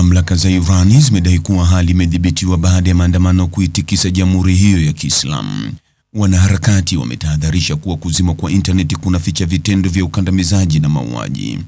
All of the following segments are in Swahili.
Mamlaka za Iran zimedai kuwa hali imedhibitiwa baada ya maandamano kuitikisa jamhuri hiyo ya Kiislamu. Wanaharakati wametahadharisha kuwa kuzima kwa intaneti kunaficha vitendo vya ukandamizaji na mauaji.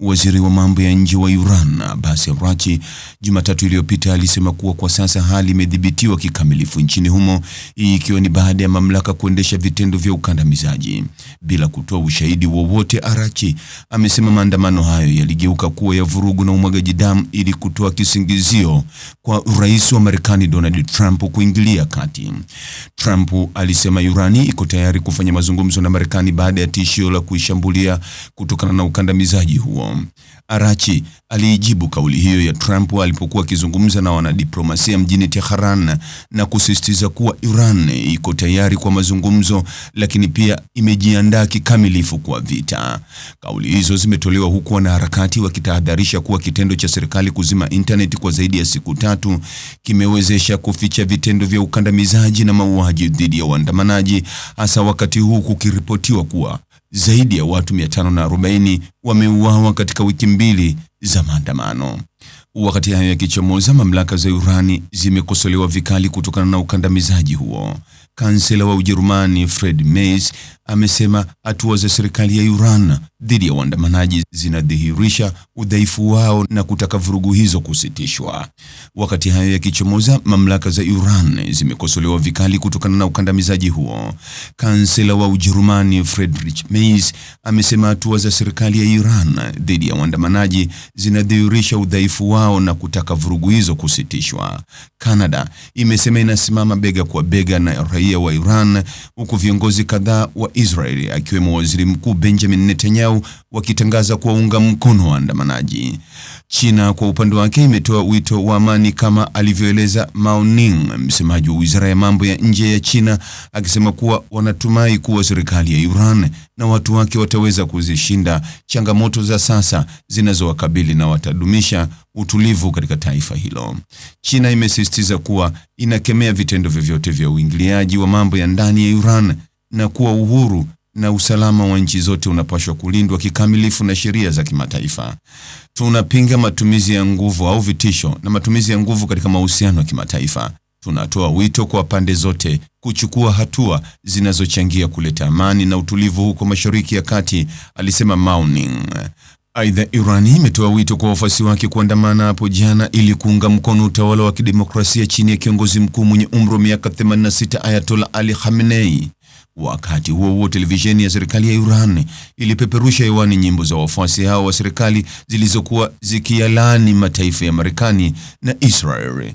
Waziri wa mambo ya nje wa Iran, Abbas Araghchi, Jumatatu iliyopita alisema kuwa kwa sasa hali imedhibitiwa kikamilifu nchini humo, ikiwa ni baada ya mamlaka kuendesha vitendo vya ukandamizaji. Bila kutoa ushahidi wowote, Araghchi amesema maandamano hayo yaligeuka kuwa ya vurugu na umwagaji damu ili kutoa kisingizio kwa Rais wa Marekani Donald Trump kuingilia kati. Trump alisema imesema Iran iko tayari kufanya mazungumzo na Marekani baada ya tishio la kuishambulia kutokana na ukandamizaji huo. Arachi aliijibu kauli hiyo ya Trump alipokuwa akizungumza na wanadiplomasia mjini Tehran na kusisitiza kuwa Iran iko tayari kwa mazungumzo, lakini pia imejiandaa kikamilifu kwa vita. Kauli hizo zimetolewa huku wanaharakati wakitahadharisha kuwa kitendo cha serikali kuzima intaneti kwa zaidi ya siku tatu kimewezesha kuficha vitendo vya ukandamizaji na mauaji dhidi ya waandamanaji, hasa wakati huu kukiripotiwa kuwa zaidi ya watu 540 wameuawa katika wiki mbili za maandamano. Wakati hayo yakichomoza, mamlaka za Iran zimekosolewa vikali kutokana na ukandamizaji huo. Kansela wa Ujerumani Fred Mays amesema hatua za serikali ya Iran dhidi ya waandamanaji zinadhihirisha udhaifu wao na kutaka vurugu hizo kusitishwa. Wakati hayo yakichomoza, mamlaka za Iran zimekosolewa vikali kutokana na ukandamizaji huo. Kansela wa Ujerumani Friedrich Mays amesema hatua za serikali ya Iran dhidi ya waandamanaji zinadhihirisha udhaifu wao wao na kutaka vurugu hizo kusitishwa. Canada imesema inasimama bega kwa bega na raia wa Iran, huku viongozi kadhaa wa israel akiwemo Waziri Mkuu Benjamin Netanyahu wakitangaza kuwaunga mkono waandamanaji. China kwa upande wake imetoa wito wa amani kama alivyoeleza Mao Ning, msemaji wa Wizara ya Mambo ya Nje ya China, akisema kuwa wanatumai kuwa serikali ya Iran na watu wake wataweza kuzishinda changamoto za sasa zinazowakabili na watadumisha utulivu katika taifa hilo. China imesisitiza kuwa inakemea vitendo vyovyote vya uingiliaji wa mambo ya ndani ya Iran na kuwa uhuru na usalama wa nchi zote unapaswa kulindwa kikamilifu na sheria za kimataifa. Tunapinga matumizi ya nguvu au vitisho na matumizi ya nguvu katika mahusiano ya kimataifa. Tunatoa wito kwa pande zote kuchukua hatua zinazochangia kuleta amani na utulivu huko Mashariki ya Kati, alisema Mao Ning. Aidha, Iran imetoa wito kwa wafuasi wake kuandamana hapo jana ili kuunga mkono utawala wa kidemokrasia chini ya kiongozi mkuu mwenye umri wa miaka 86 Ayatollah Ali Khamenei. Wakati huo huo, televisheni ya serikali ya Iran ilipeperusha hewani nyimbo za wafuasi hao wa serikali zilizokuwa zikialani mataifa ya Marekani na Israeli.